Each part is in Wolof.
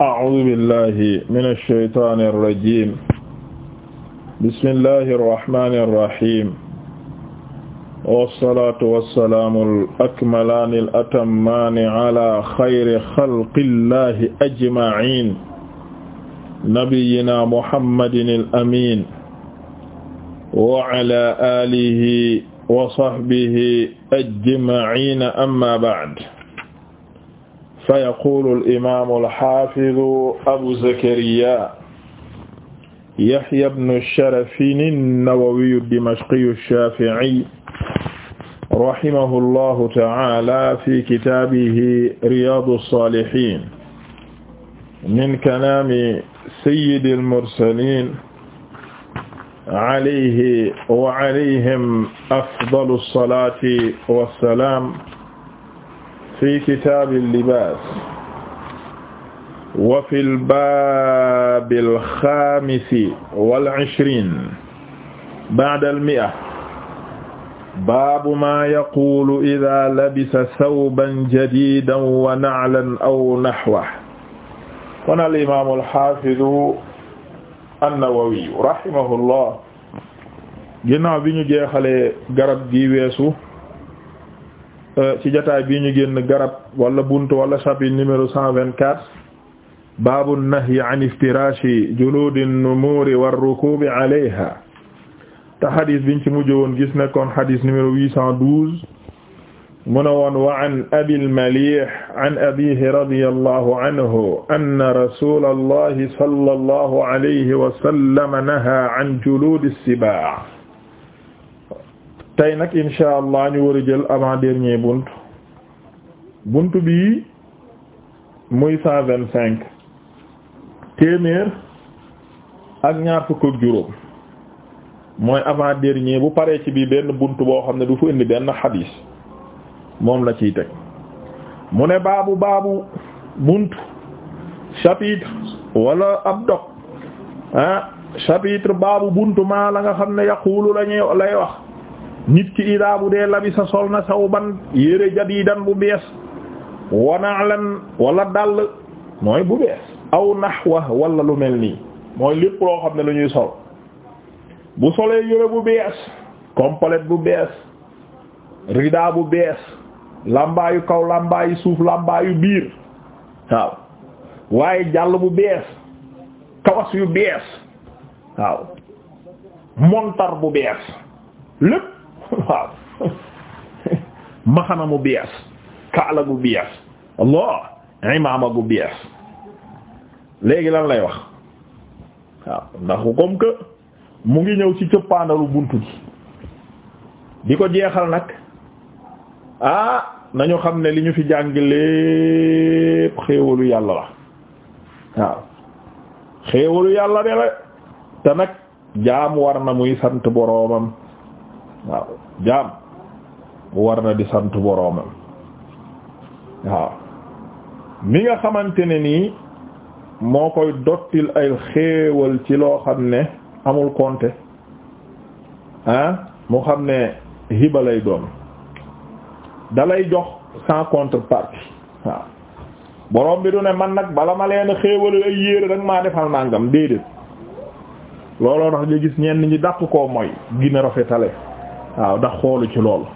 أعوذ بالله من الشيطان الرجيم بسم الله الرحمن الرحيم والصلاة والسلام الأكملان الأتمان على خير خلق الله أجمعين نبينا محمد الأمين وعلى آله وصحبه أجمعين أما بعد fa yaqulu al-imaamu al-haafidu Abu Zakariyaa Yahyaa ibnu Sharafiin an-Nawawiyu ad-Dimashqiyu ash-Shaafi'ii rahimahu Allahu ta'aalaa fi kitaabihi Riyaadu as-Saalihiin min kalaami sayyidi al-mursaliin alayhi wa alayhim afdalu as-salaati was-salaam fi kitaabi libaas wa fil baabil xaamisi wal ishriin ba'dal mi'a baabu maa yaquulu idaa labisa sawban jadiidan wa na'lan aw nahwahu kon al imaam al haafidu an-Nawawi rahimahullah ginnaaw bi ñu jeexalee garab gi weesu Euh, ci jotaay bii ñu génn garab wala bunt wala chapitre numéro cent vingt-quatre baabu nahyi an iftirashi juluudi numuuri warrukuubi alayha te xadis biñ ci mujj woon gis nekkoon xadis numéro huit cent douze mu ne woon wa abil malih an abihi radiyallahu anhu anna rasulallahi sallallahu alayhi wa sallam naha an juluudi sibaa tey nag insha allah ñu war a jël avant dernier bunt bunt bii muy cent vingt cinq téeméer ak ñaar fukk ak juróom mooy avant dernier bu paree ci bii benn bunt boo xam ne du fu indi benn xadiis moom la ciy teg mu ne baabu baabu bunt chapitre wala ab dog ah chapitre baabu bunt maa la nga xam ne yaqulu lañuy lay wax nit ki idaa bu dee labisa sol na ban yére jadidan bu bees wanaalan wala dàll mooy bu bees aw nahwa wala lu mel nii mooy lépp loo xam ne lu ñuy sol bu solee yére bu bees complet bu bees rida bu bees làmbaayu kaw làmbaayu suuf yu biir waaw waaye jàll bu bees kawas yu bees waaw montar bu bees lépp waaw maxana mu bees kaala gu bees Allah imaama gu bees léegi lan lay wax waaw ndax comme que mu ngi ñëw ci cëppaandalu bunt gi di ko jeexal nag ah nañu xam ne li ñu fi jàng lépp xéewalu yàlla la waaw xéewalu yàlla de la te nag jaam war na muy sant boroomam waaw jaam war na di sant boroomam waaw mi nga xamante ne nii moo koy dottil ay xéewal ci loo xam ne amul compte ah mu xam ne hiba lay doon dalay jox sans contrepartie waaw borom bi du ne man nag bala ma leen xéewal ay yéere rek maa defal nangam déedéet looloo tax ñu gis ñenn ñi dàq koo mooy gina rafetale waaw ndax xoolu ci loolu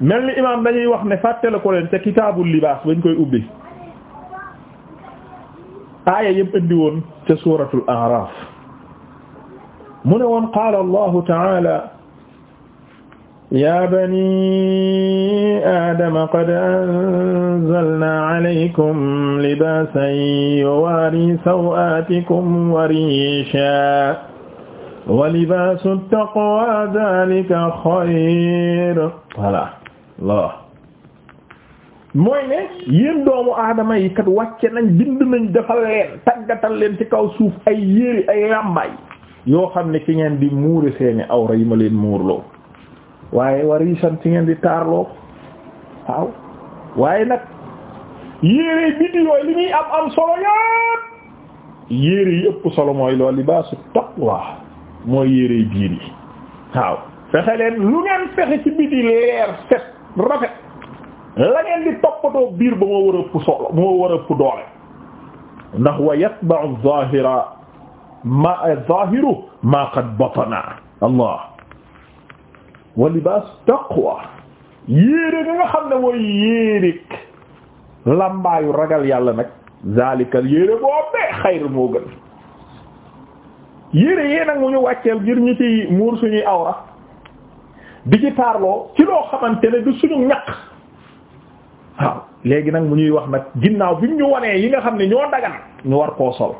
mel ni imaam dañuy wax ne fàttale ko leen ca kitaabul libaas bañ koy ubbi aaya yëpp indi woon ca suuratul a'raaf mu ne woon qaala allahu ta'ala ya bani aadama qad anzalnaa alaykum libaasan yuwaari saw'aatikum wa riishan wa libaasu taqwa zalika xayr voilà mooy ne yéen doomu aadama yi kat wàcce nañ bind nañ defal leen tàggatal leen ci kaw suuf ay yére ay làmbaay yoo xam ne ci ngeen di muure seeni awra yi ma leen muurloo waaye warisan ci ngeen di taarloo waaw waaye nag yéere biti yooyu li ñuy am am solo yépp yéere yi solo mooy loolu libaasu taqwa mooy yérey biir yi waaw fexe leen lu ngeen fexe ci biti leer set rafet la ngeen di toppatoo biir ba moo war a ëpp solo moo war a ëpp doole ndax wa yatba'u zahira ma zahiru ma qad batana allah wa libaas taqwa yéere nga nga xam ne mooy yéerik lambaayu ragal yàlla nag zalikal yéere boo bee xayr moo gën yére yee nag mu ñu wàcceel ngir ñu ci muur suñuy awra bi ci taarloo ci loo xamante ne du suñu ñaq waaw léegi nag mu ñuy wax nag ginnaaw bi mu ñu wanee yi nga xam ne ñoo dagan ñu war koo sol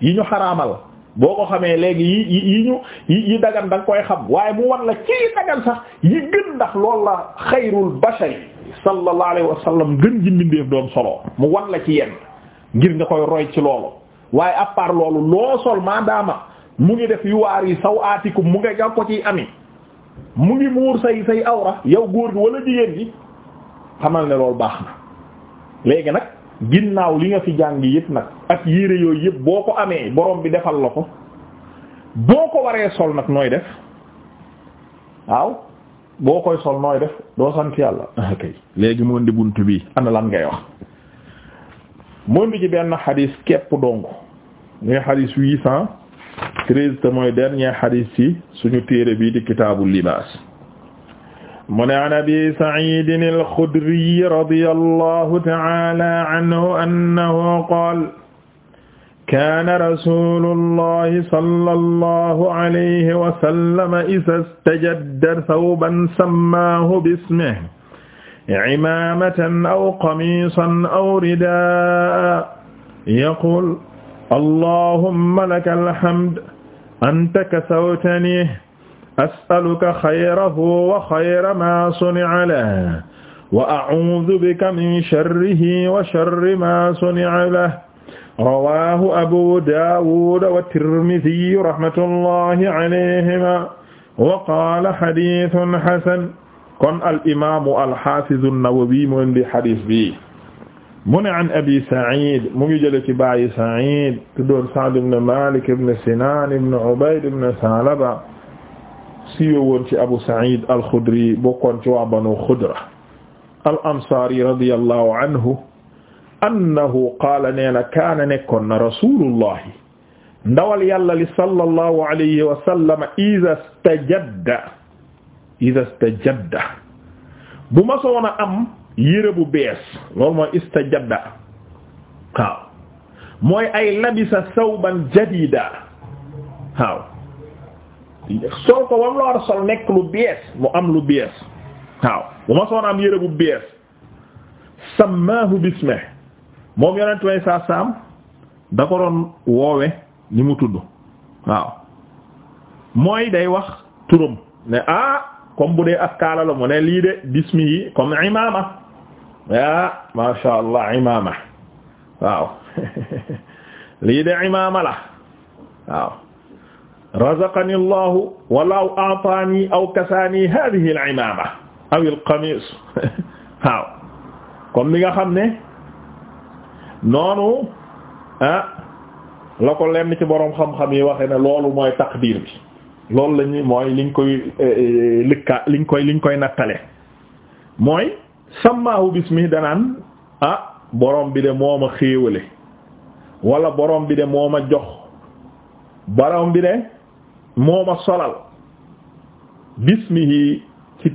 yi ñu xaraamal boo ko xamee léegi yi yi ñu yi dagan da koy xam waaye mu wan la ci dagan sax yi gën ndax loolu la xayrul bashari sallallahu alayhi wa sallam gën ji mbindeef doon solo mu wan la ci yenn ngir nga koy roy ci loolu waaye à part loolu loo sol mu ngi def yu waar yi saw aatikum mu nga jàg ko ciy ami mu ngi muur sa say awra yow góor gi wala jigéen gi xamal ne loolu baax na léegi nag ginnaaw li nga fi jàng yëpp nag ak yére yooyu yëpp boo ko amee borom bi defal la ko boo ko waree sol nag nooy def waaw boo koy sol nooy def doo sant yàlla kay léegi moo ndi bunt bi ana lan ngay wax moo ndi ci benn xadis kepp dong ñuy xadis huit cent treize te mooy dernier hadith ci suñu téere bi di kitaabul libaas mu ne an abi saidin alxudriy radia allahu taala aanhu annahu qaal kaana rasulu allahi sala allahu alayhi wasallama isa stajadda thawban sammaahu bismihi imaamatan aw qamiisan aw ridaa'an yaquul allahumma laka alhamd anta kasawtani as'aluka xayrahu wa xayra ma suni'a lahu wa a'uudu bika min sharrihi wa sharri ma suni'a lahu rawaahu abu daawuud wa tirmidhi rahmatullahi alayhima wa qaala hadiisun hasan kon al imaamu al haafizu an-nawawi mu indi hadiis bi mu ne an abi Saïd mu ngi jële ci baayu Saïd tuddoon Sa'd ibn Malik ibn Sinan ibn Ubayd ibn Salaba siiwe woon ci Abu Saïd al-Khudri bokkoon ci waa Banu Khudra al-Ansari radiyallahu anhu annahu qaala nee na kaana nekkoon na rasulullahi ndawal yàlla li sallallahu alayhi wa sallam iza stajadda iza stajadda bu ma soona am yére bu bees loolu mooy istajadda waaw mooy ay labis sawban jadida waaw sol ko wam la sol nekk lu bees mu am lu bees waaw bu ma soon am yére bu bees sammahu bisme moom yonent way saa da ko doon woowe ni mu tudd waaw mooy day wax turam ne ah comme bu dee askaala la mu ne lii de bismi comme imaama ah masha allah imaama waaw lii de imaama la waaw razaqani allahu walaw a'taani aw kasaani hadhihi al imaama aw al qamis waaw comme li nga xam ne noonu ah la ko lenn ci boroom xam-xam yi waxe ne loolu mooy taqdir bi loolu lañu mooy liñ koy eh, eh, eh, lëkka liñ koy liñ koy nattale mooy sammaahu bismi danaan ah borom bi de moo ma xéewale wala borom bi de moo ma jox borom bi de moo ma solal bismihi ci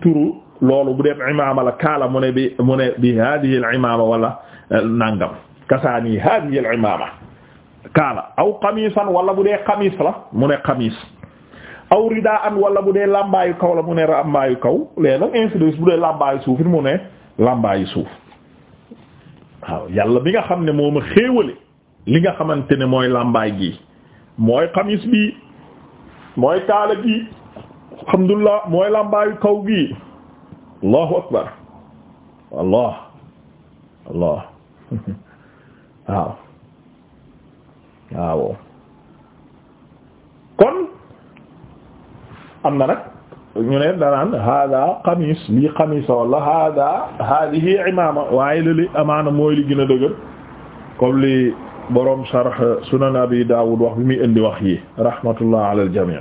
loolu bu def imaama la kaala mu ne bi mu ne bi hadihi al imaama wala eh, nangam kasaani hadihi al imaama kaala aw xamiisan wala bu dee xamiis la mu ne xamiis aw ridaa wala bu dee làmbaayu kaw la mu ne làmbaayu kaw léegi nag ainsi de suufin mu ne làmbaayi suuf waaw yàlla bi nga xam ne moom ma xéewale li nga xamante ne mooy làmbaay gi mooy xamis bi mooy kaala gi alhamdulillah mooy làmbaayu kaw gi allahu akbar allah allah waaw waaw kon am na nag ñu ne danaan hada xamis lii xamisa wala hada hadihi imama waaye lali amaana mooy li gën a dëgër comme li borom sharh sunan abi daawud wax bi muy indi wax yi rahmatullah ala aljami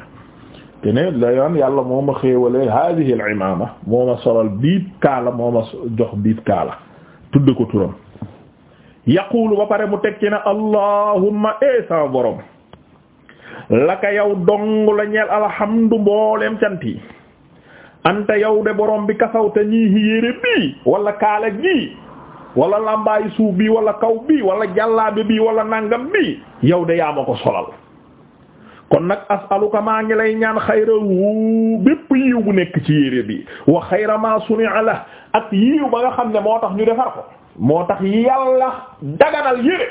te ne dayoon yàlla moo ma xéewale hadihi al imama moo ma solal biib kaala moo ma jox biib kaala tudd ko turam yaqulu ba pare mu teg ci ne allahumma e eh, sama borom laka yow dong la ñeel alhamdu mboolem cant yi ante yow de borom bi kasawta ñii hi yére bii wala kaala gii wala lambaayu suuf bii wala kaw bii wala jàllaabe bii wala nangam bii yow de yaama ko solal kon nag asaluka maa ngi lay ñaan xayra wu bépp yiw bu nekk ci yére bi wa xayra ma suni'a la ak yiw ba nga xam ne moo tax ñu defar ko moo tax yàlla daganal yére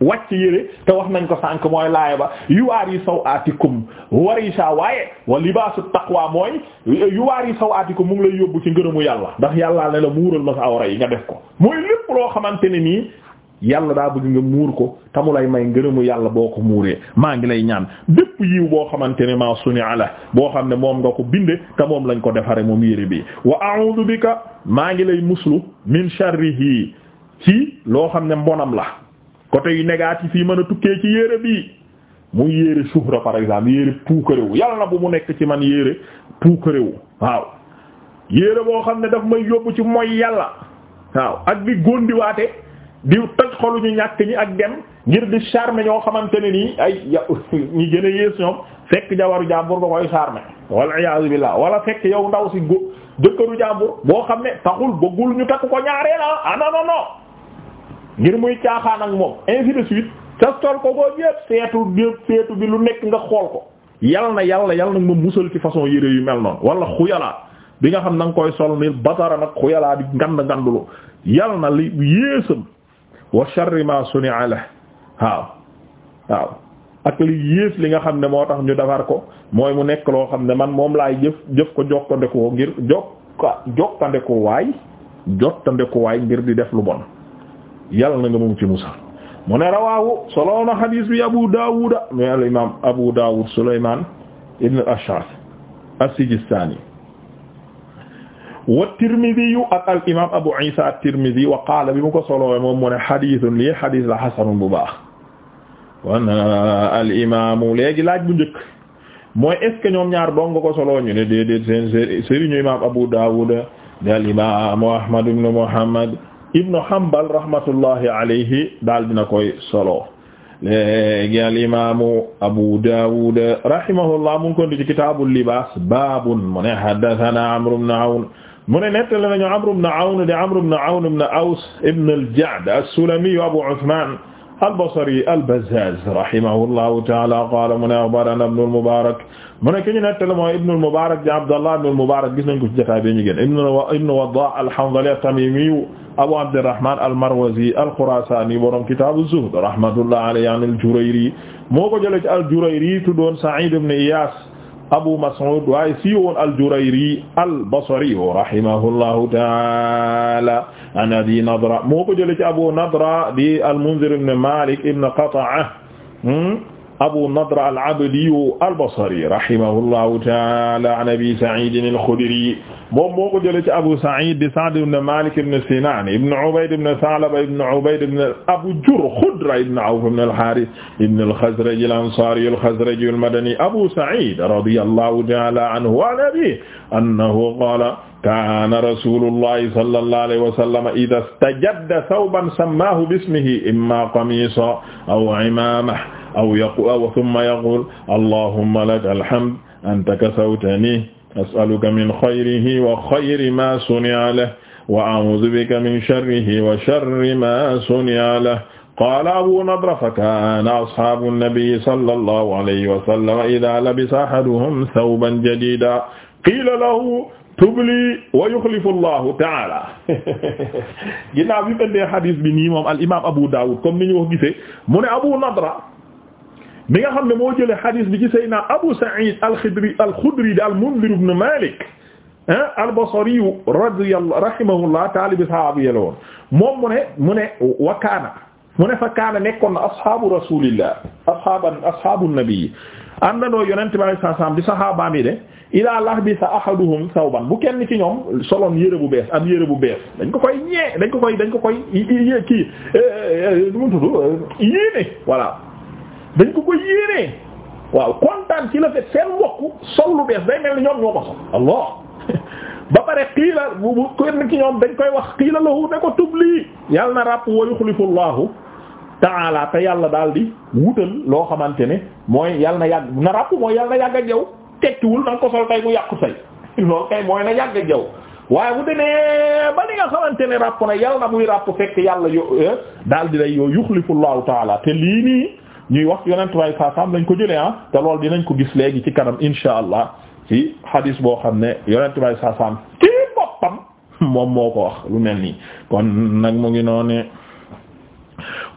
wàcc yére te wax nañ ko sànk mooy laaya ba yuwaari sawaatikum warisha waaye wa libaasu taqwa mooy yuwaari sawaatikum mu ngi lay yóbbu ci ngërëmu yàlla ndax yàllaa ne la muural ma sa awra yi nga def ko mooy lépp loo xamante ne nii yàlla daa bëgg nga muur ko te mu lay may ngërëmu yàlla boo ko muuree maa ngi lay ñaan bépp yiw boo xamante ne maa suni ala boo xam ne moom nga ko binde te moom lañ ko defaree moom yére bi wa a'udhu bika maa ngi lay muslu min sharrihi ci loo xam ne mbonam la côté yu négatif yi man a tukkee ci yére bii muy yére suhra par exemple yére puukarewu yàlla na bu mu nekk ci man yére puukarewu waaw yére boo xam ne daf may yóbbu ci mooy yàlla waaw ak di góndiwaate di toj xolu ñu ñàkk ñi ak dem ngir di charmer ñoo xamante ne nii ay ya ñi gën a yées ñoom fekk jawaru jàmbur ba koy charmer walla iyaazu billaah wala fekk yow ndaw si go jëkkëru jàmbur boo xam ne taxul bëggul ñu takk ko ñaaree la ah, ah non ngir muy caaxaan ak moom ainsi de suite testol ko boo yëpp seetu yëpp bi lu nekk nga xool ko yal na yàlla yal na ma musal ci façon yére yu mel noonu wala xuyalaa bi nga xam na koy sol ni basara nag xuyalaa di ngand ngandulu na li yéesam wa la waaw li yées li nga xam ne moo tax ñu defar ko mooy mu nekk loo xam ne man moom laay jëf jëf ko jokkandekoo ngir jokka jokkandekoo waay jottandekoo waay ngir di def lu bon yàlla na nga moom ci musal mu ne solo na xadiis bi Abu Daawud Abu Daawud Sulaymaan ibn al-Ash'ath as-Sijistaani wa Tirmidi al imaam Abu Iisa at-Tirmidi mu ko solo moom mu ne la xasanun bu baax wan al imaamu léegi laaj bu njëkk mooy est ce que ñoom ñaar solo ñu ne déedéet seen Abu Daawud al imaamu Ahmad ibn Muhammad ibnu Hanbal rahmatullahi alayhi daal dina koy solo léegi al imaamu Abu Dawud rahimahullah mu ngi ko di ci kitaabul libaas baabun mu ne haddathana Amr ibn Awn mu ne nettali nañu Amr ibn Awn di Amr ibn Awn ibn Aws ibn al-Ja'd as-Sulami Abu Uthman al-Basri al-Bazzaz rahimahullahu ta'ala qala mu ne akhbarana Ibn al-Mubarak mu ne ki ñu nettali mooy Ibn al-Mubarak di Abdallah ibn al-Mubarak gis nañ ko ci jotaay bi ñu génn Ibn Waddah al-Hanzali at-Tamimi Abu Abdirrahman al-Marwazi al-Khurasani borom kitab az-Zuhd rahmatullahi alayhi an al-Jurayri moo ko jëlee ci al-Jurayri tuddoon Sa'id ibn Iyas Abu Mas'ud waaye siiwoon al-Jurayri al-Basri rahimahullahu ta'ala an Abi Nadra moo ko jëlee ci Abu Nadra di al-Mundhir ibn Malik ibn Qata'a hmm? Abu Nadra al-Abdi al-Basri rahimahullahu ta'ala an Abi Sa'id al-Khudri moom moo ko jëlee ci Abu Sa'id di Sa'd ibn Malik ibn Sinan ibn Ubayd ibn Tha'laba ibn Ubayd ibn Abu Jurr Khudra ibn Awf ibn al-Harith ibn al-Khazraj al-Ansari al-Khazraji al-Madani Abu Sa'id radiyallahu ta'ala anhu wa an abihi annahu qala kana rasulullahi sallallahu alayhi wa sallam idha istajadda thawban sammahu bismihi imma qamisa aw imama aw yaqu aw thumma yaqul allahumma laka alhamd anta kasawtani as'aluka min xayrihi wa xayri ma suni'a lahu wa a'uudu bika min sharrihi wa sharri ma suni'a lahu qaala abu nadra fakaana asxaabu nabi sallallahu alayhi wa sallam idaa labisa ahaduhum thawban jadiidan qiila lahu tubli wa yuxlifu llahu taala ginnaaw bi mu ëndee xadis bi nii moom al imaam Abu Daawud comme ni ñu ko gisee mu ne abu nadra mi nga xam ne moo jëlee hadith bi ci Seydina Abu Sa'id al-Khudri al-Khudri di al-Mundhir ibn Malik ah al-Basri radiyallahu rahimahullah taalibi sahaaba yela woon moom mu ne mu ne wa kaana mu ne fa kaana nekkoon na ashaabu rasulillah ashaaban ashaabu nabi àndandoo yonente bi alayhi salaam di sahaaba mi de ila lahbisa ahaduhum sawban bu kenn ci ñoom soloon yére bu bees am yére bu bees dañ ko koy ñee dañ ko koy dañ ko koy kii eh, eh, nu mu tudd yéene voilà dañ ko ko yéenee waaw kontaan ci la fait seen mbokk sol lu bees day mel ni ñoom ñoo ko sol allah ba pare xiila bu bu kenn ki ñoom dañ koy wax la lahu ne ko tubli yàlla na ràpp wa yuxlifu llahu ta'ala te yàlla daal di wutal loo xamante ne mooy yàlla na yàgg na ràpp mooy yàlla na yàgg ak yow tekkiwul na nga ko sol tay mu yàqu say loolu kay mooy na yàgg ak yow waaye bu demee ba li nga xamante ne ràpp na yàlla na muy ràpp fekk yàlla yo eh, daal di lay yoo yuxlifu llahu ta'ala te lii nii ñuy wax yonentuwaay saa saam lañ ko jëlee ah te loolu dinañ ko gis léegi ci kanam insha allah ci hadis boo xam ne yonentuwaay saa saam ci boppam moom moo ko wax lu mel nii kon nag mu ngi noonu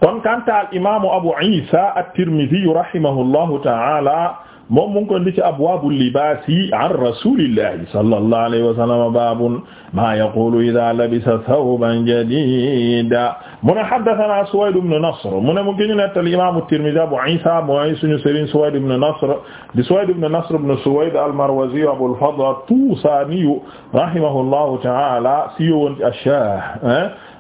kon kanta al imaamu abu isa at-tirmidhi rahimahullahu ta'ala moom mu ngi koy indi ci abwaabul libaasi an rasuulillahi sallallahu alayhi wa sallam baabun maa yaqulu idaa labisa thawban jadiidan mu ne haddathanaa Suwayd ibn Nasr mu ne mu ngi ñu nettali imaamu Tirmidhi Abu Iisa mooy suñu sëriñ Suwayd ibn Nasr di Suwayd ibn Nasr ibn Suwayd al-Marwazi Abul Fadl at-Tuusaani rahimahullahu ta'aala si yowoon ci Ashaah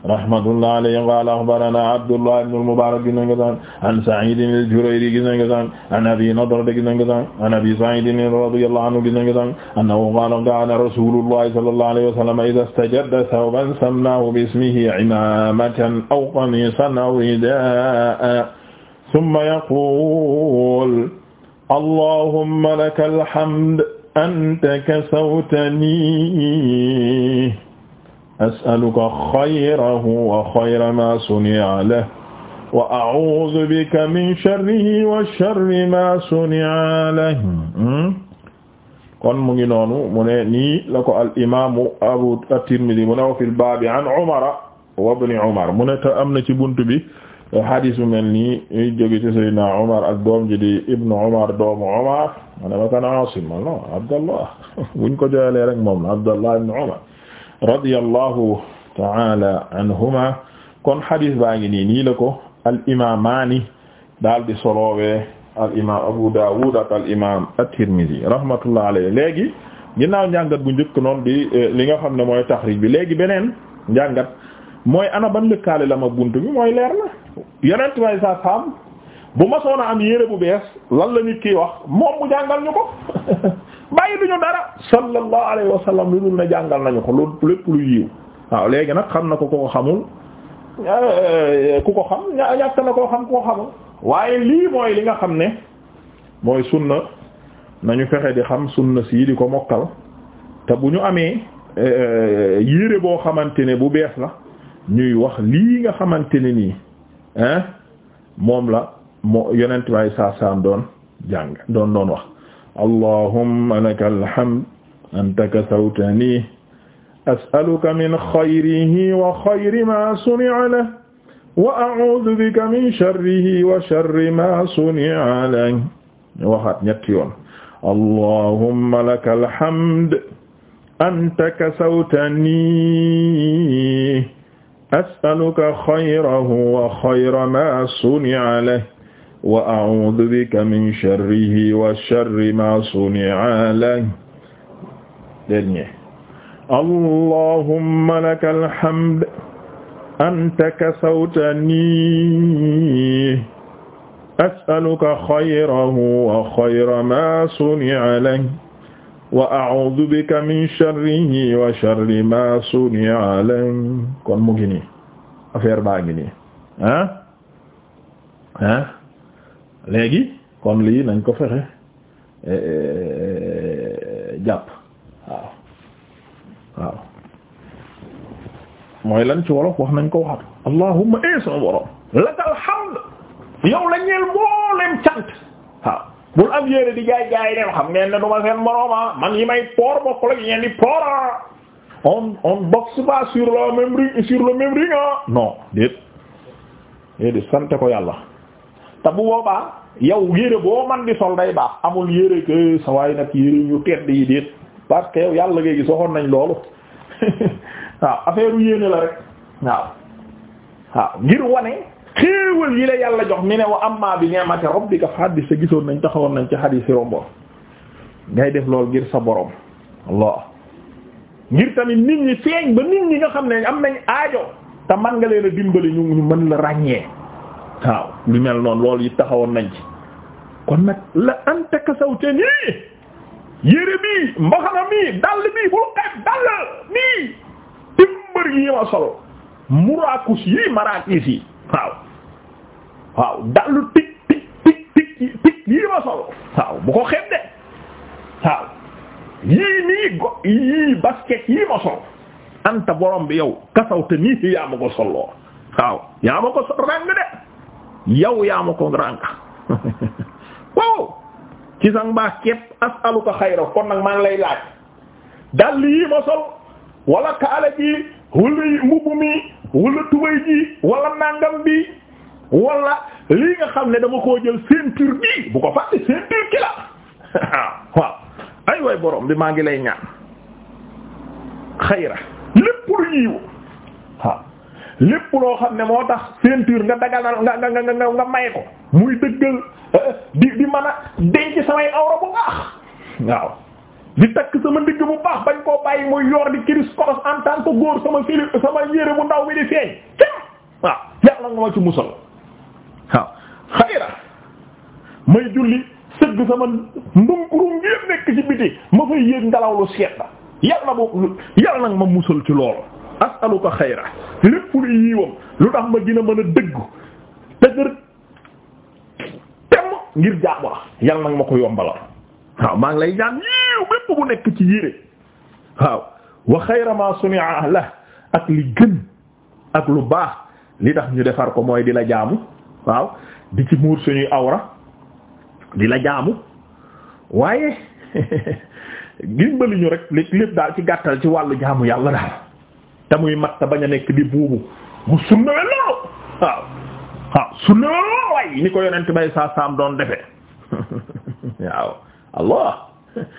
rahmatullah alayhi qala akhbarana Abdullah ibn al-Mubarak gis nañ ko sànq an Sa'id al-Jurayri gis nañ ko sànq an Abi Nadrata gis nañ ko sànq an Abi Sa'id radiyallahu anhu gis nañ ko sànq annahu qala kana rasulullah sallallahu alayhi wa sallam idha istajadda thawban sammahu bi ismihi imamatan aw qamisan aw ridaan thumma yaqul allahumma lakal hamd anta kasawtani as'aluka xayrahu wa xayra ma suni'a lahu wa a'uuzu bika min sharrihi wa sharri ma suni'a lahu kon mu ngi noonu mu ne nii la ko al imaamu Abu at-Tirmidhi mu ne wa fil baabi an Umar wa ibn Umar mu ne te am na ci buntu bi hadis bu mel nii ñuy jóge ci Seydina Umar ak doom ji di Ibn Umar doomu Umar ma ne ma kan Aasim ma non Abdallah buñ ko jooyalee rek moom la Abdallah ibn Umar radiyallahu ta'ala anhuma kon hadis baa ngi nii nii la ko al daal di solowee al imam Abu Dawud ak al imam at-Tirmidhi rahmatullah alayhi léegi ginnaaw njàngat bu njëkk noon di eh, li nga xam ne mooy taxrij bi léegi beneen njàngat mooy ana ban lëkkaale la ma bunt mooy leer na yonent may sa saam bu masoon a am yére bu bees lan la nit ki wax moom mu jàngal ñu ko bàyyi lu ñu dara sallallahu alayhi lu dul na jàngal nañu ko lépp lu yiw waaw léegi nag xam na ko ko xamul eh, ku ko xam ñàkk na koo xam ku ko xamul waaye lii mooy li nga xam ne mooy sunna nañu fexe di xam sunna sii di ko mokkal te bu ñu amee eh, yére boo xamante ne bu bees la ñuy wax lii nga xamante ne nii moom la moo yonent baay saa doon jàng doon doon wax allahumma laka alhamd anta kasawtani as'aluka min xayrihi wa xayri ma suni'a lahu wa a'uudu bika min sharrihi wa sharri ma suni'a lahu ñu waxaat ñetti yoon allahumma laka alhamd anta kasawtani as'aluka xayrahu wa xayra ma suni'a lahu wa a'uudu bika min sharrihi wa sharri ma suni'a lahu dernier allahumma lakal hamd anta kasawtani as'aluka khayrahu wa khayra ma suni'a lahu wa a'uudu bika min sharrihi wa sharri ma suni'a lahu kon mu ngi nii affaire baa ngi nii ah ah léegi kon lii nañ ko fexe eh, eh, eh, jàpp waaw waaw mooy lan ci wolof wax nañ ko waxat allahumma eeson borom lakal hamd yow la ñeel mboolem cant waaw bul am yére di jaay jaay dem xam ngeen ne duma seen morooma ah. man yi may poor bokkul ak ñeen di poora ah. on on boxe sur le même ring sur le même ring non déet déet sant ko yàlla te bu boobaa yow yére boo man di sol day baax amul yére que sa waay nag yére yu tedd yi déet parce que yow yàlla ngay gis waxoon nañ loolu waaw affaire yéene la rek waaw waaw ngir wane xéewal yi la yàlla jox mi ne wa amma bi ni'mati rabbika fa haddith sa gisoon nañ taxawoon nañ ci hadith yi romboon ngay def loolu ngir sa boroom ngir tamit nit ñi feeñ ba nit ñi nga xam ne am nañ aajo te man nga leen a dimbali ñu mën la ràññee waaw lu mel noonu loolu yi taxawoon nañ ci kon nag la anta kasawte nii yére bii mbaxana mii dàll bii bul nii timbër yi ma sol muraakus yi maraakis yi waaw waaw dàll tig tig tig tig tig yi ma sol waaw bu ko xeeb de waaw yii nii go yii basket yii ma sol anta borom bi yow kasawte nii yaa ma ko solloo waaw yaa ma ko sol ràng de yow yaa ma ko rànk waaw ci sax mbaax képp as'aluka kon nag maa ngi lay laaj dal lii ma sol wala kaala ji wala mbubb mi wala tubay ji wala nangam bi wala lii nga xam ne dama koo jël ceinture bi bu ko fàtte ceinture ki la waaw ay way borom bi maa ngi lay ñaan xayra lépp lu yiwu waaw lépp loo xam ne moo tax ceinture nga dagal nga nga nga nga may ko muy dëggal euh, di di mën a denc samay awra bu baax waaw di takk sama ndigg bu baax bañ koo bàyyi muy yoor di kiris koros en tant que góor sama sili sama yére bu ndaw bi di feeñ cim waaw yàlla nga ma ci musal waaw xayra may julli sëgg sama ndumkuru ngir nekk ci biti ma fay yéeg ngelaw lu seet la yàlla bu yàlla nga ma musal ci loolu asaluka xayra lépp luy yiiwam lu tax ma dina mën a dëggu dëgër temm ngir jaamu la yal nag ma ko yombalal waaw maa ngi lay ñaan yiiw bépp bu nekk ci yére waaw wa xayra ak li gën ak lu baax li tax ñu defar ko mooy di la jaamu waaw di ci muur suñuy awra di la jaamu waaye gimbali ñu rek lépp daal ci gàttal ci wàllu jaamu yàlla daal te muy mat bañ a nekk di buubu mu sunna we loolu waaw waaw sunna we loolu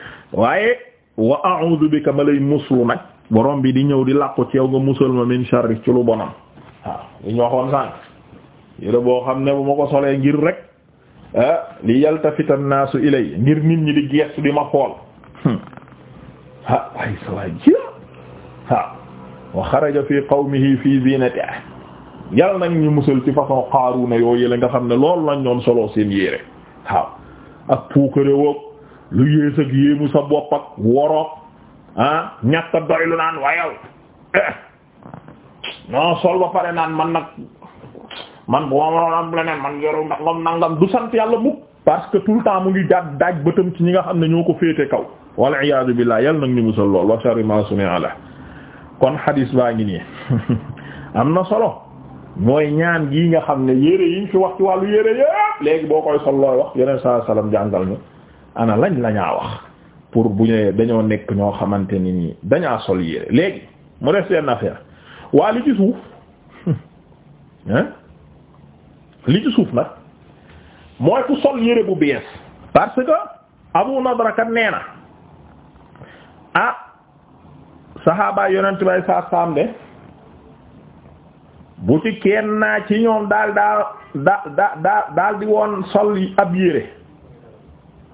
waaye wa a'udhu ma lay muslu nag borom bi di ñëw di làqu ci yow nga musal ma min ci lu bonam waaw li ñu waxoon sànq yére boo xam ne bu ma ko solee ngir rek ah, li yaltafita an-naasu ilay ngir nit ñi di geestu di ma xool ha ay sa waay ji waaw wa xaraja fi qawmihi fi zinatihi yal nañ ñu musal ci façon Qaaruuna yoo yële nga xam ne loolu lañ doon solo seen yére waaw ak puukare woog lu yées ak yéemu sa bopp ak woroog ah doylu naan waayow eh. non sol ba pare naan man nag man bu ma mënoon am leneen man nangam nangam du sant yàlla mukk parce que tout le temps mu ngi jàpp daaj bëtam ci ñi nga xam ne ñoo ko féete kaw wal iyaadu billaah yal nañ ñu musal lool wa sharri ma suni'a kon xadiis baa ngi nii am na solo mooy ñaan gii nga xam ne yére yi fi wax ci wàllu yére yépp léegi boo koy sol looy wax yeneen saa salaam jàngal ñu ana lañ lañaa wax pour bu ñëwee dañoo nekk ñoo xamante ni nii dañaa sol yére léegi mu def seen affaire waa li ci suuf hein li ci suuf nag mooy ku sol yére bu bees parce que Abu Nadra kat nee na ah saxaabaay yonent bay saa saam de bu ci naa ci ñoom daal daal di woon sol ab yére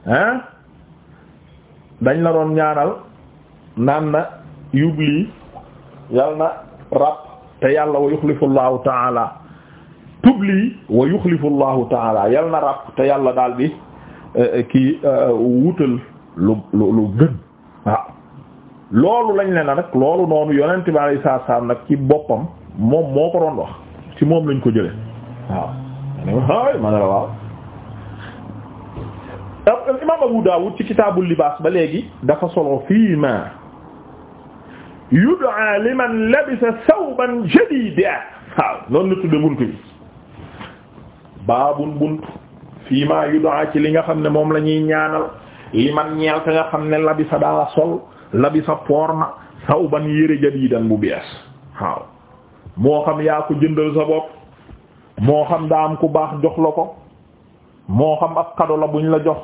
hein dañ la doon ñaanal naan na yubli yal na rab te yàlla wa yuxlifu llahu taala tubli wa yuxlifu llahu taala yal na rab te yàlla daal di eh, eh, kii eh, wutal lu lu lu gën loolu lañ ne la nag loolu noonu yonent bi alayhi salaam nag ci boppam moom moo ko doon wax ci moom lañ ko jële waaw ay ma ne la waaw imam Abu Dawud ci kitaabul libaas ba léegi dafa solo fii ma yud'a liman labisa thawban jadida waaw noonu la tudde bunt bi baabun bunt fii ma yud'a ci li nga xam ne moom la ñuy ñaanal liman ñeel ka nga xam ne labisa daa sol bi sa poor na sawban yére jadiidan bu bees waaw moo xam yaa ko jëndal sa bopp moo xam daa am ku baax jox la ko moo xam ak kado la buñ la jox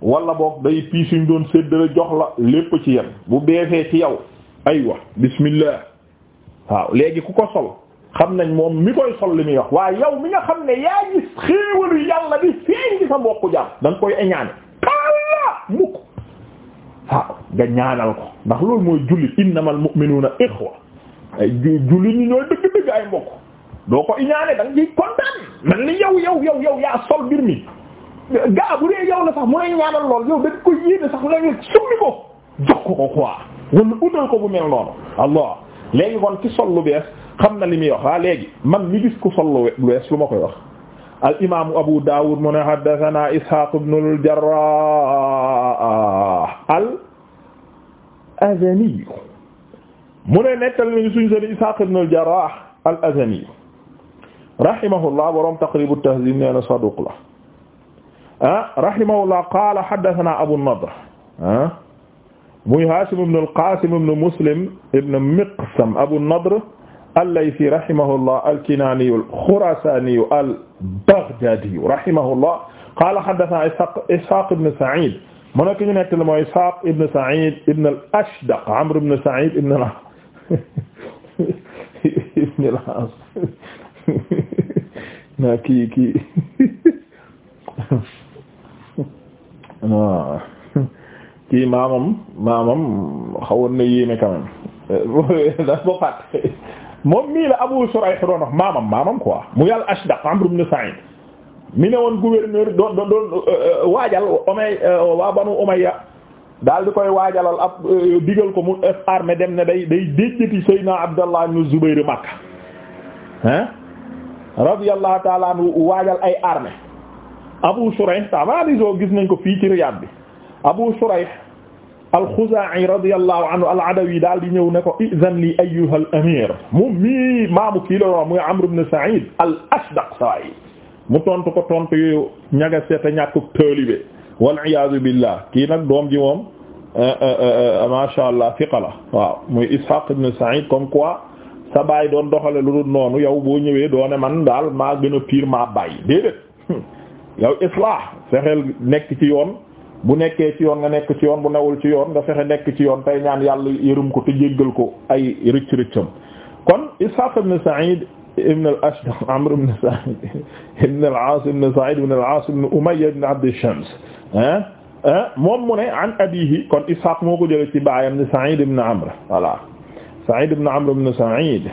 walla boog day piis yuñ doon séddale jox la lépp ci yem bu beesee ci yow aywa bismillah waaw léegi ku ko sol xam nañ moom mi koy sol li muy wax waaye yaw mi nga xam ne yaa gis xéewalu yàlla bi feeñ ci sa mbokku jàmm da koy eñaane xaala mukk waaw ah, nga ñaanal ko ndax loolu mooy jullit innamal mu'minuuna ixwa ay jullit ñi ñooy dëgg-dëgg ay mbokk doo ko iñaane da nga ciy kontaan man ni yow yow yow yaa sol mbir mi gaa bu dee yow la sax mu lay ñaanal lool yow dañ ko yéene sax la nga summi ko jox ko ko quoi wala utal ko bu mel noonu allah léegi kon ci sol lu bees xam na li muy wax waa léegi man mi gis ko sol lu bees lu ma koy wax al imaamu Abu Dawud mu ne haddathana Ishaq ibn al-Jarrah al-Azani mu ne nekkal nañu suñu sëriñ Ishaq ibn al-Jarrah al-Azani rahimahullah borom Taqrib at-Tahdhib nee na saduq la ah rahimahullah qaala haddathana Abu an-Nadr ah muy Hashim ibn al-Qasim ibn Muslim ibn Miqsam Abu an-Nadr al-Laythi rahimahullah al-Kinaaniyu al-Khuraasaaniyu al-Baghdaadiyu rahimahullah qaala haddathanaa Ishaaq ibn Sa'iid mu nekk ñu nekk mooy Ishaaq ibn Sa'iid ibn al-Ashdaq Amr ibn Sa'iid ibn al-As na kii kii waaw kii maamam maamam xawoon na yéeme quand même dafa fàtte moom mii la Abu Shurayh doon wax maamam maamam quoi mu yàlla Ashdaq Amr ibn Sa'id mi ne woon gouverneur doon doon euh, euh, waajal Umay euh, waa Banu daal di koy waajalal ab digal ko mu armée dem ne day day déjjati Seydina Abdallah ibn Zubayr Makka ah radiyallahu ta'ala anhu waajal ay armée Abu Shurayh tamaa di soo gis nañ ko fii ci Riyad bi Abu Shurayh alxuzaa'i radiyallahu anhu al-adawi daal di ñëw ne ko izan li ayyuha al amir moom mii maamu kii la muy amr ibn sa'id al ashdaq sawayi mu tontu ko tontu yooyu ñaga seeta ñàkkuk taalibe wal iyaazu billah kii nag doom ji moom eh, eh, eh, masha allah fiqa la waaw muy ishaq ibn sa'id comme quoi sa baay doon doxale lu dul noonu yow boo ñëwee doone man daal maa gën a maa bàyyi déedéet yow islah fexeel nekk ci yoon bu nekkee ci yoon nga nekk ci yoon bu newul ci yoon nga fexe nekk ci yoon tey ñaan yàlla yërëm ko te jéggal ko ay rëcc rëccam kon Ishaq ibn Sa'id ibn al-Ashtab Amr ibn Sa'id ibn al-As ibn Sa'id ibn al-As ibn Umayya ibn Abd al-Shams moom mu ne an abiihi kon Ishaq moo ko jëlee ci baayam ni Sa'id ibn Amr voilà Sa'id ibn Amr ibn Sa'id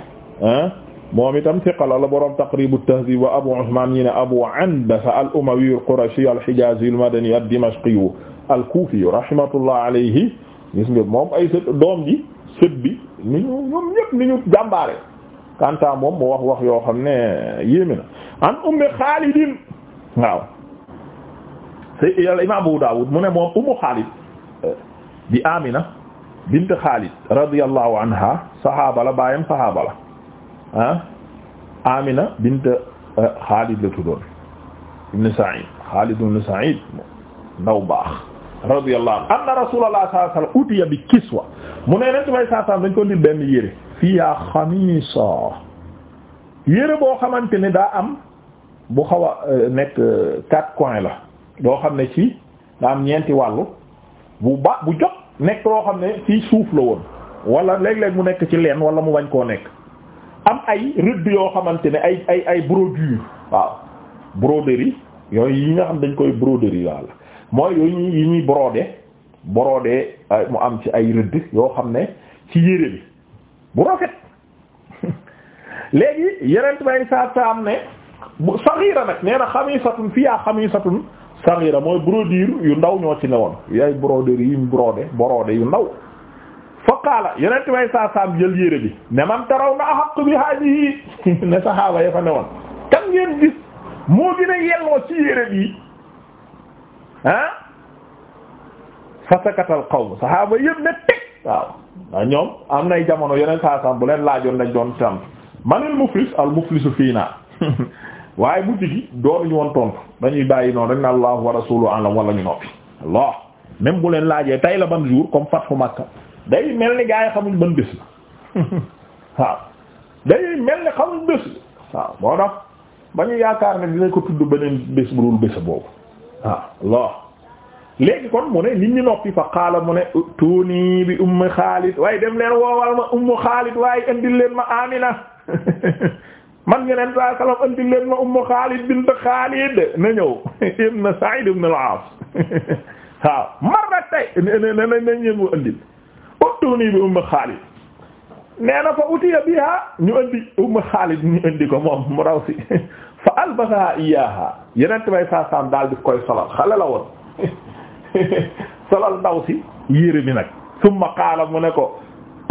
moom itam fiqala la borom taqribu tahdib wa abu usman ñi ne abu anbasa al umawi al qurashi al hijazi al madani al dimashqi al kufi rahmatullah alayhi gis nga moom ay sët doom ji sët bi ni ñu ñoom ñëpp ni ñu jàmbaare kanta moom mu wax wax yoo xam ne yéemi na an ummi xaalidin waaw si al imam abu dawud mu ne moom ummu xaalid bi amina bint xaalid radiyallahu anha sahaaba la baayam sahaaba la ah Amina bint eh, Xaalid la tuddoon ibn Sa'id Xaalid ibn ndaw baax radiyallahu anhu anna rasulullah sallallahu alayhi wasallam utiya bi kiswa mu ne nent bay saa dañ ko ndil benn yére fiya xamisa yére boo xamante ne daa am bu xaw a eh, nekk eh, quatre coins la loo xam ne ci daa am ñeenti wàllu bu ba bu jot nekk loo xam ne ci suuf la woon wala léeg-léeg mu nekk ci leen wala mu bañ koo nekk am ay rëdd yoo xamante ne ay ay ay brodure waaw broderie yooyu yi nga xam dañ koy broderie waaw mooy yooyu yi ñuy brode broder mu am ci ay rëdd yoo xam ne ci yére bi bu rafet léegi yeneen may saa saa am ne bu saxiira nag nee na xamisatun fiyaa xamisatun saxiira mooy brodure yu ndaw ñoo ci newoon yu ay broderie yu ñu broder broder yu ndaw. fa qaala yonent way saa jël yére bi ne man taraw na ahaq bi haadihi ne sahaaba ya fa ne woon kan ngeen gis moo gën a yelloo ci yére bi ah fa sakatal qawm sahaaba yëpp ne teg waaw ndax ñoom am nay jamono yonent saa bu leen laajoon nañ doon tam manil muflis al muflisu fii waaye bu gi doonuñu woon tontu dañuy bàyyi noonu rek na allahu wa rasuluhu alam wala ñu noppi allah bu leen laajee tay la ban jour comme fathu makka day mel ni gaa yi xamuñ ban bés la waaw day mel ni xamuñ bés la waaw moo tax ba ñu yaakaar ne dinañ ko tudd beneen bés bu dul bés boobu waaw lool léegi kon mu ne nit ñi noppi fa xaala mu ne tuuni bi ummi xaalit waaye dem leen woowal ma ummu xaalit waaye indil leen ma amina man ñu leen saa salam indil leen ma ummu xaalit bint xaalid na ñëw ibn Sa'id ibn al-As waaw mar na tey na na na ñëw andil udduuni bi umm xaalid nee na fa utiya biha ñu indi umm xaalid ñu indi ko moom mu raw si fa albasaha iyaha yenent bay saasaam daal di koy solal xale la woon solal ndaw si yére bi nag summa qaala mu ne ko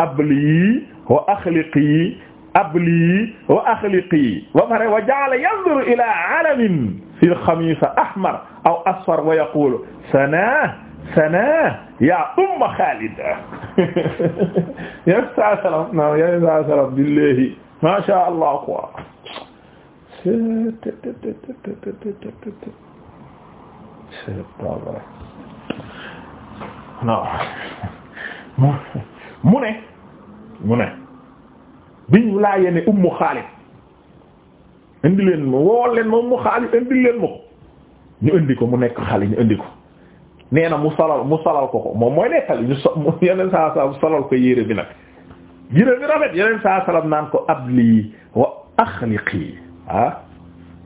ablii wa axliqii ablii wa axliqii wa pare wa ja'ala yanzuru ila alamin fi xamisa ahmar aw asfar wa yaqulu sana sana yaa umma Xaalid yéen saa salaam non yéen saa salaam billahi maasha Allah quoi c'est mu ne mu ne biñ laa yéene ummu Xaalid indi leen ma woo leen ma Xaalid indi leen ko ñu indi mu nekk xale ñu indi nee na mu solal mu solal ko ko moom mooy nettali ñu so yeneen saa salam solal ko yére bi nag yére bi rafet yeneen saa salam naan ko abli wa axliqi ah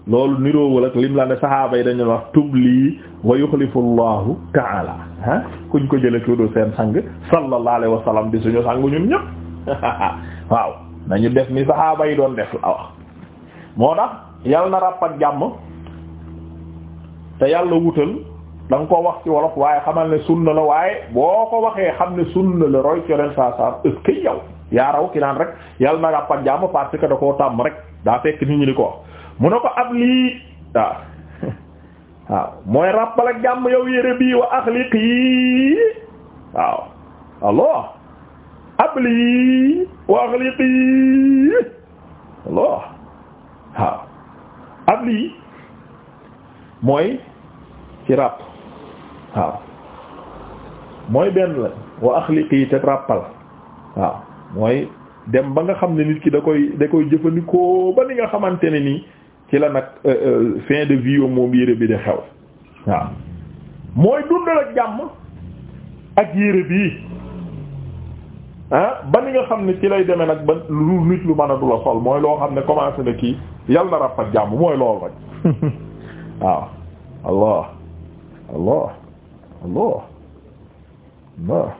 loolu niroowul ak lim la ne saxaaba yi dañu wax tubli wa yuxlifu allahu taala ah kuñ ko jële ko do seen sang sallallahu alayhi wa sallam di suñu sang ñun ñëpp waaw nañu def ni saxaaba yi doon def la moo tax yàlla na ràpp ak jàmm te yàlla wutal da nga ko wax ci wolof waaye xamal ne sunna la waaye boo ko waxee xam ne sunna la roy ci saa saa est-ce yaa raw ki naan rek yàlla na ràppan jàmm parce que da koo tàmm rek daa fekk nit ñi di ko mu ne ko ab lii waaw mooy ràppal ak jàmm yow yére bii wa axliq waaw allah ab lii wa axliq allah waaw ab lii mooy ci ràpp waaw mooy benn la wa axliqi te ràppal waaw mooy dem ba nga xam ne nit ki da koy da koy jëfandikoo ba ni nga xamante ni nii ci la nag euh, euh, fin de vie moom yére bi di xew waaw mooy dundal ak jàmm ak yére bii ah ba ni nga xam ne ci lay demee nag ba lu nit lu mën a du la sol mooy loo xam ne commencé na kii yal na ràpp ak jàmm mooy loolu rek waaw allah allah Allah Allah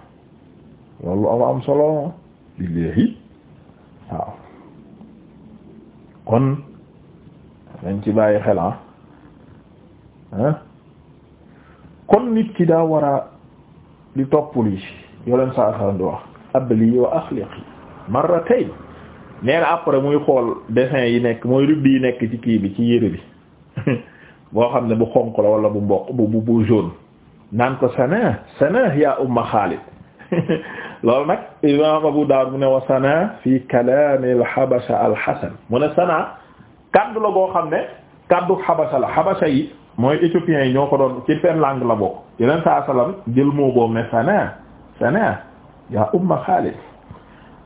loolu am am solo billahi waaw kon dañ ci bàyyi xel ah kon nit ki daa war a di topp lii yoo leen saa xaram di wax abli wa axliqi marratayn nee na après muy xool dessin yi nekk mooy rubbi yi nekk ci kii bi ci yére bi boo xam ne bu xonq la wala bu mboq bu bu jaune naan ko sana sana ya umma Xaalid loolu nag imam Abu Daawud mu ne wa sana fi kalaami al-Habasha al-Hasan mu ne sana kaddu la boo xam ne kaddu Habasha la Habasha yi mooy éthiopiens yi ñoo ko doon ci seen langue la bokk yeneen saa salaam jël moo boobu ne sana sana ya umma Xaalid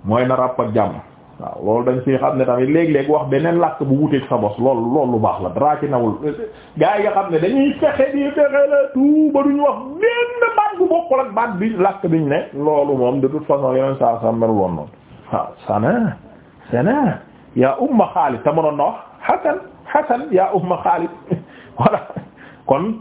mooy na ràpp ak jàmm waaw loolu dañ ci xam ne tamit léeg-léeg wax beneen làkk bu wuteeg sa bos lool loolu lu baax la dara ci nawul gaa yi nga xam ne dañuy fexe di fexe la tout ba duñu wax benn baat bu bokkul ak baat bi làkk biñ ne loolu moom de toute façon yeneen saa sa mer woon noonu waaw sana sana yaa umma Xaalid te mënoon na wax Hasan Hasan yaa umma Xaalid voilà kon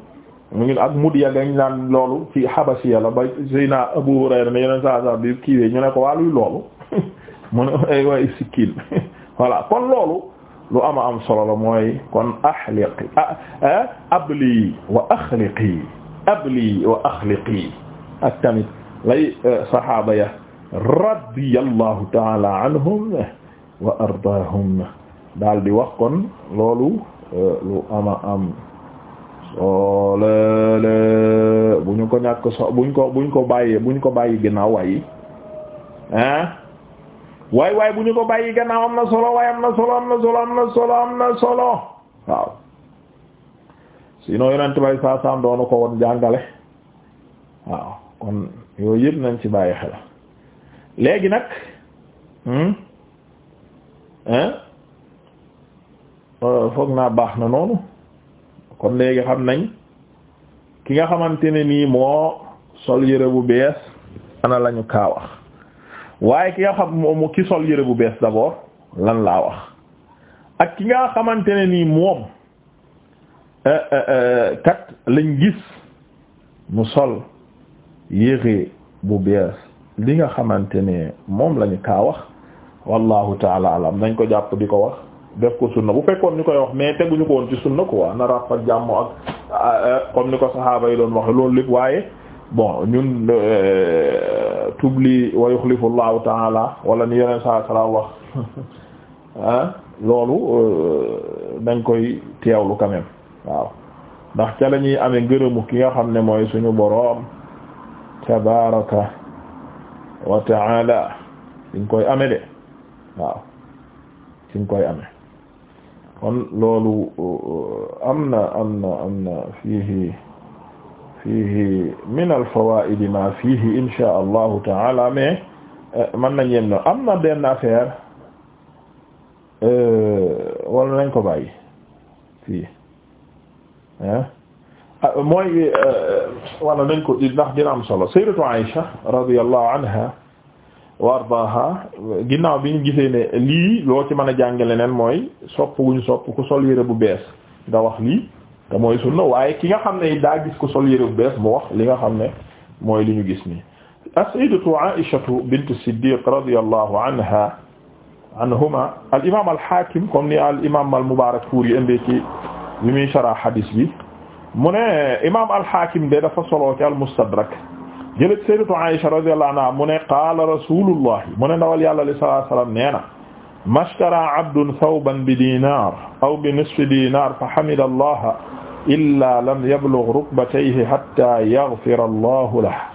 mu ngi ak mud ya gañ naan loolu ci Habasiya la ba Seydina Abu Hurayra ne yeneen saa sa bi kiiwee ñu ne ko waa luy mu ne ay eh, waay sikkiin voilà kon loolu lu ama am solo la mooy kon axliqi abli wa axliqi abli wa ak tamit lay eh, sahaaba ya taala anhum wa ardaahum daal wax kon loolu eh, lu ama am solo bu ñu ko ñàkk so buñ ko bàyyee buñ ko bàyyi ginnaaw waayi waay waay bu ñu ko bàyyi gannaaw am na solo waaye am na solo am na solo am na solo am na solo waaw sinon yonent saa saam ko woon jàngale waaw kon yooyu yëpp nañ si bàyyi xel léegi nag hmm? euh, foog naa baax na noonu kon léegi xam nañ ki nga xamante ne nii moo sol yëre bu bees ana lañu kaa wax waaye ki nga xam moom ki sol yére bu bees d'abord lan laa wax ak ki nga xamante ne nii moom euh, euh, euh, kat lañ gis mu sol yëre bu bees li nga xamante ne moom lañu kaa wax wallahu taala alam nañ ko jàpp di ko wax def ko sunna bu fekkoon ñu koy wax mais teguñu ko woon ci sunna quoi na ràpp ak jàmm ak comme ni ko saxaaba yi doon waxe loolu lépp waaye bon ñun tubli wa yuxlifu llahu taala wala ni yeneen saa salaam wax ah loolu euh, dañ koy teewlu quand même waaw ndax ca la amee ngërëmu ki nga xam ne mooy suñu boroom tabaraka wa taala ci nga koy ame de waaw ci nga koy ame kon loolu euh, am na am na am na fiihi fiihi min al-fawaa'idi ma fiihi insha allahu taala mais euh, mën nañ yem na am na benn affaire euh, wala nañ ko bàyyi fii ah, mooy euh, wala nañ ko ndax dina am solo sayyidatu Aïsha radiyallahu anha wa ginnaaw bi ñu gisee ne lii loo ci mën a jàngale neen mooy sopp wuñ sopp ku sol yére bu bees nga wax lii te mooy sunna waaye ki nga xam ne daa gis ko sol yëre bu bees mu wax li nga xam ne mooy li ñu gis nii as-sayyidatu Aïshatu bint Siddiq radiyallahu anha anhuma al imam al hakim comme ni al imam al Mubarakfuri ëmbee ci bi muy sharah hadis bi mu ne imam al hakim de dafa soloo ci al mustadrak jëlët sayyidatu Aïsha radiyallahu anha mu ne qaala rasulullah mu ne ndawal yàlla sallallahu alayhi wasallam nee na mashtara abdun thawban bi dinar aw bi nisfi dinar fa hamida allaha illa lam yablugh rukbatayhi hatta yaghfira allahu lahu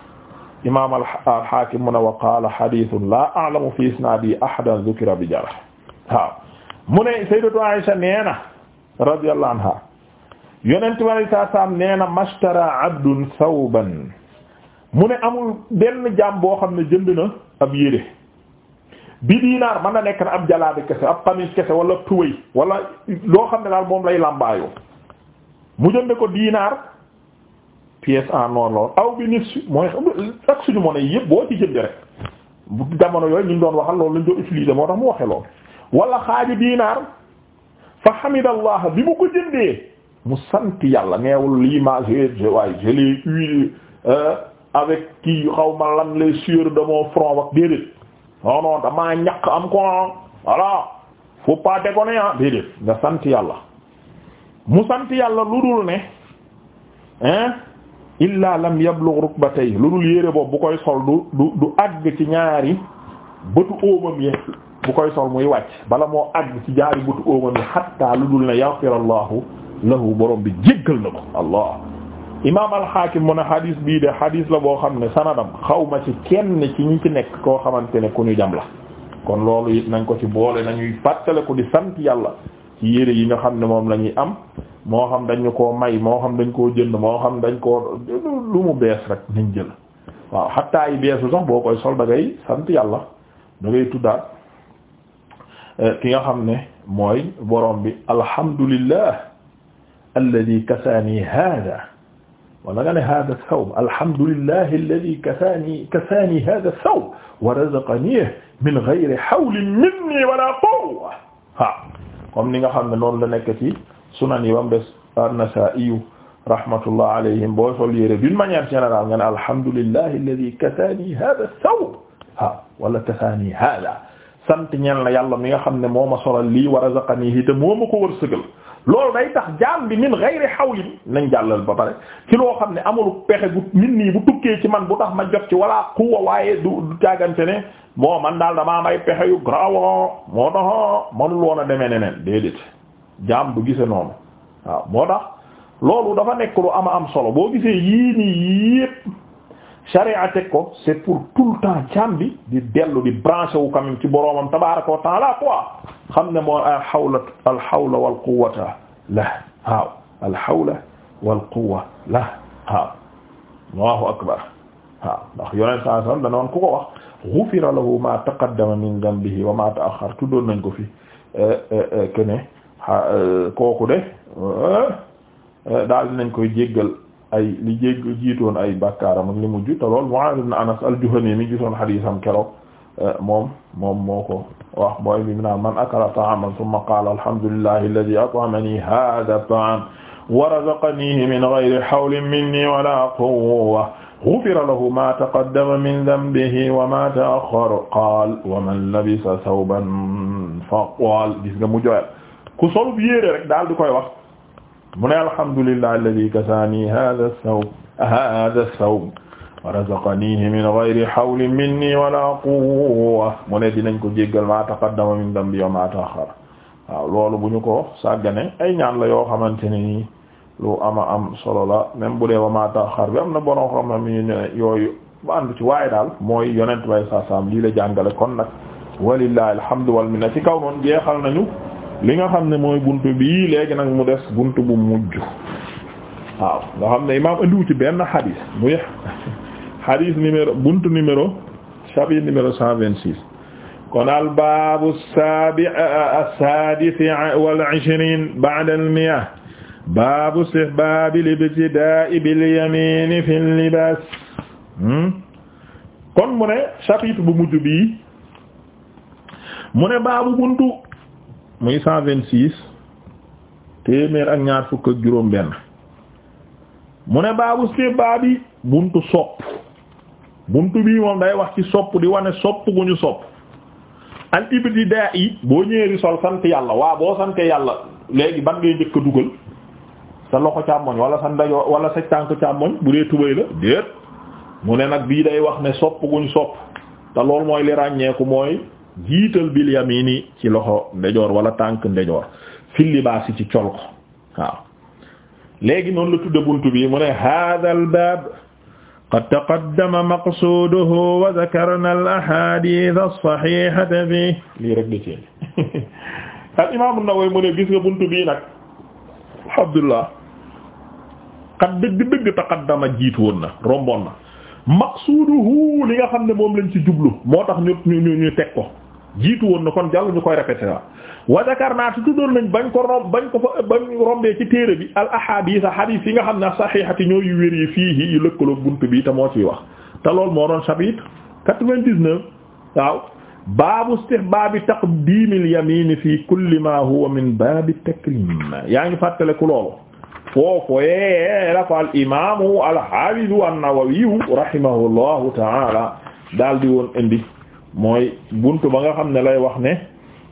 imam al-hakim mu ne wa qaala hadithun la a'lamu fi isnadi ahadan dhukira bi jarh waaw mu ne sayyidatu Aisha neena radiyallahu anha yonent bi alayhi salaam neena mashtara abdun thawban mu ne amul benn jaam boo xam ne jënd na ab yére bi diinaar man a nekk na ab jalaabi kese ab pamis kese wala tuwéy wala loo xam ne daal moom lay làmbaayoo mu jënd ko diinaar pièce en or lool aw bi nit mooy ak suñu monnaie yëpp boo ci jënd rek jamono yooyu ñu doon waxal loolu lañ doon utiliser moo tax mu waxee lool wala xaaji diinaar fa hamidallah bi mu ko jëndee mu sant yàlla neewul lii ma je waaye je l'ai eu euh, avec kii xaw ma lan les sueurs de wax déedéet non non damaa ñaq am ko ah. voilà faut pas déconner ah déedéet nga sant yàlla mu sant yàlla lu dul ne hein illa lam yablugh rukbatay lu dul yére boobu bu koy sol du du du ci ñaari bëtu óomam yi bu koy sol muy wàcc bala moo àgg ci ñaari bëtu óomam yi hatta lu dul ne yaghfirallahu lahu borom bi jéggal na ko allah imaam al-Hakim mu ne xadis bii de xadis la boo xam ne sanadam xaw ma ci kenn ci ñu ci nekk koo xamante ne ku ñu jam la kon loolu it nañ ko ci boole nañuy fàttaliku di sant yàlla ci yére yi nga xam ne moom lañuy am moo xam dañ koo may moo xam dañ koo jënd moo xam dañ koo lu mu bees rek niñ jël waaw xattaa yi beesu sax boo koy sol da sant yàlla da ngay tuddaat eh, ki nga xam ne mooy borom bi alhamdulillah alladi kasaani hada wala nga ne hada thawb alhamdulillahi alladhi kasani kasani hada thawb wa razaqanihi min ghayri hawlin minni wala quwwa ha comme ni nga xam ne noonu la nekk ci sunan yi ba mu des an-Nasa'i rahmatullah alayhim boo sol yére d'une manière générale nga ne alhamdulillahi alladhi kasani hada thawb ha wala kasani hada sant ñeel na yàlla mi nga xam ne moo ma solal lii wa razaqanihi te moo ma ko wërsëgal loolu day tax jaam bi min ghayri hawlin nañ jàllal ba pare ci loo xam ne amul pexe bu min nii bu tukkee ci man bu tax ma jot ci wala quwwa waaye du du càggante ne moo man daal damaa may pexe yu grawo moo tax manul woon a demee neneen déedéet jaam du gise noonu waaw moo tax loolu dafa nekk lu ama am solo boo gisee yii nii yépp sharia ko c'est pour tout le temps bi di dellu di branché wu quand même ci boroomam tabaaraka wa taala quoi xam ne moo al la waaw al hawla la waaw allahu akbar waaw ndax yonent saa sallam ma taqaddama min dhanbihi wa ma ta'akhkhar tuddoon nañ ko fi eh, eh, eh, kene de daal dinañ koy jéggal ay li jég jiitoon ay bakkaaram ak li mujj te lool Mu'aaz ibn Anas al-Juhani mi gisoon xadiisam keroog eh, moom moom moo ko wax mooy bi naan man akala ta'aman thumma qaala alhamdulillahi alladhi at'amani hadha at-ta'am wa razaqanihi min ghayri hawlin minni wala quwwa ghufira lahu ma taqaddama min dhanbihi wa ma ta'akhkhara qaala wa man labisa thawban fa qaala gis nga mu joxe ku sol yére rek daal di koy wax mu ne alhamdulillahi alladi kasaani hada sawb hada sawb wa razaqanihi min gayri hawlin minni wala quwwa mu ne dinañ ko jéggal ma taqaddama min dambi wa ma ta'akhkhara waaw loolu bu ñu ko sàggane ay ñaan la yoo xamante ne nii lu ama am solo la même bu dee wa ma ta'akhkhara bi am na borom xam-xam yu ne yooyu ba ànd ci waaye daal mooy yonent bay sa sam lii la jàngale kon nag walillahi alhamdu wal minna ci kaw noonu jeexal nañu li nga xam ne mooy buntu bii léegi nag mu des buntu bu mujj waaw nga xam ne imaam andiwu ci benn xadis muy xadis numéro buntu numéro chapitre numéro al baabu saabi as wal ishriin ba'da al-mi'a baabu istihbaabi bil yamiini fi libaas hmm? kon mu ne chapitre bu mujj bi mu ne baabu buntu muy cent vingt six téeméer ak ñaar fukk ak juróom benn mu ne baabu istihbaabi buntu sopp buntu bii moom day wax ci sopp di wane sopp gu ñu sopp al ibtidaa'i boo ñëwee sol sant yàlla waa boo sante yàlla léegi ban ngay njëkk a dugal sa loxo càmmoñ wala sa ndeyjoor wala sa tànk càmmoñ bu dee tubay la déet mu ne nag bii day wax ne sopp gu ñu sopp te loolu mooy li ràññeeku mooy jiital bil yamini ci loxo ndejoor wala tànk ndejoor fil libaasi ci col ko waaw léegi noonu la tudde buntu bi mu ne hadha al bab qad taqaddama maqsuduhu wa dhakarna al ahadith as sahihata fi lii rek da ci al imam an-Nawawi mu ne gis nga buntu bi nag alhamdulillah qad dëgg dëgg taqaddama jiit woon na romboon na maqsuduhu li nga xam ne moom lañ ci jublu moo tax ñu ñu ñu teg ko jiitu woon na kon jàll ñu koy répété wa wa zakarna te tuddoon nañ bañ ko rom bañ ko fa bañ rombee ci téere bi al ahadisa hadis yi nga xam ne saxiixati ñoo yu wér yi fii yu lëkkaloo bunt bi te moo ciy wax te loolu moo doon chapitre quatre-vingt-dix-neuf waaw baabu istihbaabi taqdiimil yamiini fii kulli maa huwa min baabi takriim yaa ngi fàttale ku loolu foofu yee eh, la ko al imaamu al haafidu an-Nawawi rahimahu llahu ta'ala daal di woon indi mooy buntu ba nga xam ne lay wax ne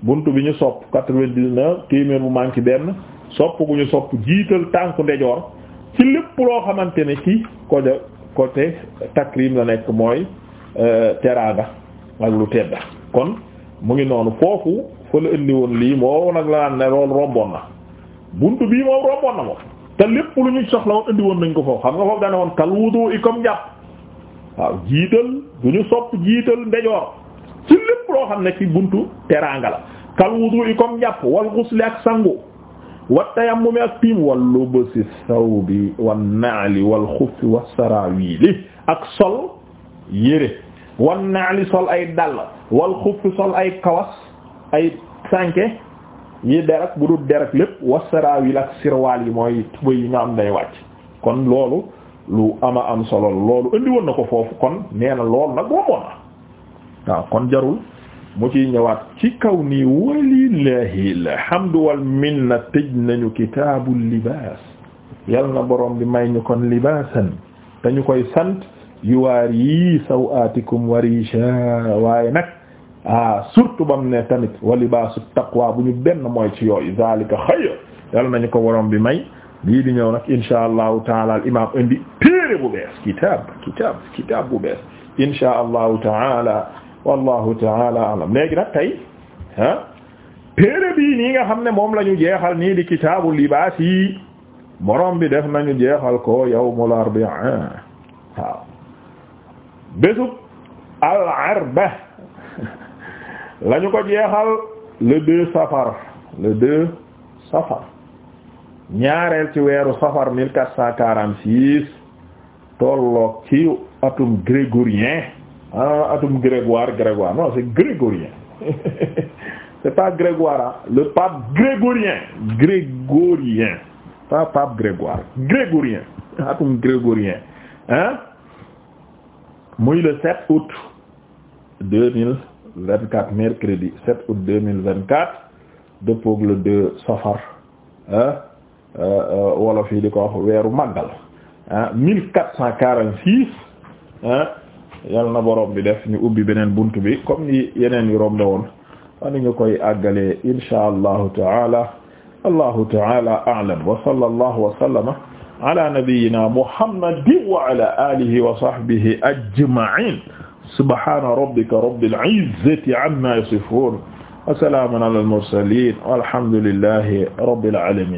bunt bi ñu sopp quatre-vingt-dix-neuf téeméer bu manqué benn sopp gu ñu sopp jiital tànku ndejoor ci lépp loo xamante ne ci ko côté takrim la nekk mooy euh, teraanga ak lu tedda kon mu ngi noonu foofu fa indi woon lii moo nag la naan ne loolu romboon na buntu bii moom romboon na moom te lépp lu ñu soxla woon indi woon nañ ko foofu xam nga foofu dane woon kal wudu i comme jàpp waaw jiital du ñu sopp jiital ndejoor ci lépp loo xam ne ci buntu teraanga la kal wudu'i comme jàpp wal ghusli ak sangu wa tayammumi ak tiim wal lubsi sawbi wan na'li wal xuffi was sarawili ak sol yére wan na'li sol ay dàll wal xuffi sol ay kawas ay sànke yi derak bu dul derak lépp was sarawil ak sirwaal yi mooy tubëy yi nga am day wàcc kon loolu lu ama am solo loolu indi woon na ko foofu kon nee na loolu nag booboon na waaw kon jarul mu ciy ñëwaat ci kaw nii walillahi alhamdu wal minna tëj nañu kitaabul libaas yal na boroom bi may ñu kon libaasan dañu koy sant yuwaar yii sawaatikum warisha waaye nag ah surtout bam ne tamit wa libaasu bu ñu benn mooy ci yooyu zalika xayr yal nañu ko borom bi may lii di ñëw nag insha allahu taala al imaam indi bu bees kitaab kitaab bu bees insha allahu taala wallahu taala alam léegi nag tey ah téere bii nga xam ne moom la ñu jeexal nii di kitaabu libaas yi borom bi def nañu jeexal ko yawmul arba'a waaw bésub al arba la ko jeexal le deux safar le deux safar ñaareel ci weeru safar mille quatre cent quarante six tolloog ci atum grégorien ah atum Grégoire Grégoire non c'est grégorien c'est pas Grégoire ah le pape grégorien grégorien pas pape Grégoire grégorien atum grégorien hein muy le 7 août 2024 mercredi 7 août 2024 dëppook le 2 safar ah wolof yi di ko wax weeru màggal ah 1446 ah yal na borom bi def ñu ubbi beneen bunt bi comme ni yeneen yu romb woon ani ñu koy àggalee insha allahu taala allahu taala a'lam wa sallallahu wa sallama ala nabiyyina muhammadin wa ala alihi wa sahbihi ajma'in subhana rabbika rabbil izzati amma yasifun wa salamun ala al mursalin walhamdulillahi rabbil alamin